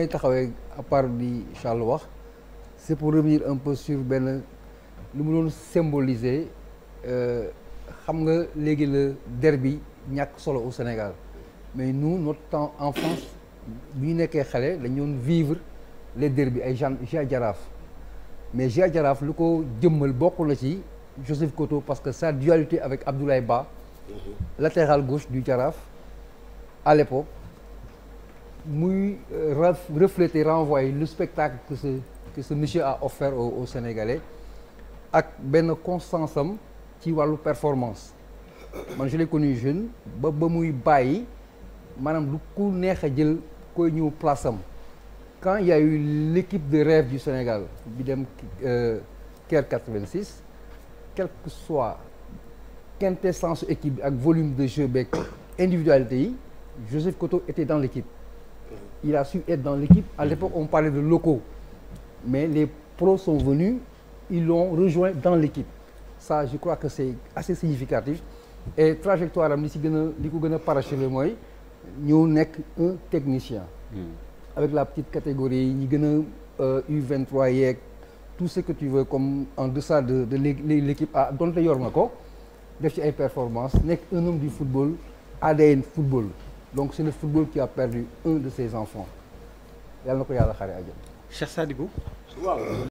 may taxawee à part di Charles wax c'est pour revenir un peu benn lu mu doon symboliser euh, xam nga léegi la derbi ñàkk solo au Sénégal mais nous notre temps en France bu nekkee xale dañu doon vivre les derbi ay Jean Gia Jaraaf mais Gia Jaraaf lu ko jëmmal bokk na ci Joseph Koto parce que sa dualité avec Abdoulaye Ba mhm. latéral gauche du Jaraaf à l'époque muy euh, refléter renvoyer le spectacle que ce que ce monsieur a offert aux, Sénégalais ak benn constance am ci wàllu performance man je l'ai connu jeune ba ba muy bàyyi maanaam lu ku neex a jël koy ñëw place am quand eu l'équipe de rêve du Sénégal bi dem euh, Caire 86 quel que soit quintessence équipe bi ak volume de jeu beeg individualité yi Joseph Koto était dans l'équipe il a su être dans l'équipe. À l'époque, on parlait de locaux. Mais les pros sont venus, ils l'ont rejoint dans l'équipe. Ça, je crois que se assez significatif. Et trajectoire am li si gën a li ko gën a parachever mooy ñu nekk un technicien. Hmm. la petite catégorie yi gën a U23 euh, yeeg tout ce que tu veux comme en deçà de de l'équipe A donte yor nga ko def ci ay performances nekk un homme du football ADN football. donc c'est le football qui a perdu un de ses enfants yàlla na ko yàlla xaaree àjjana. Cheikh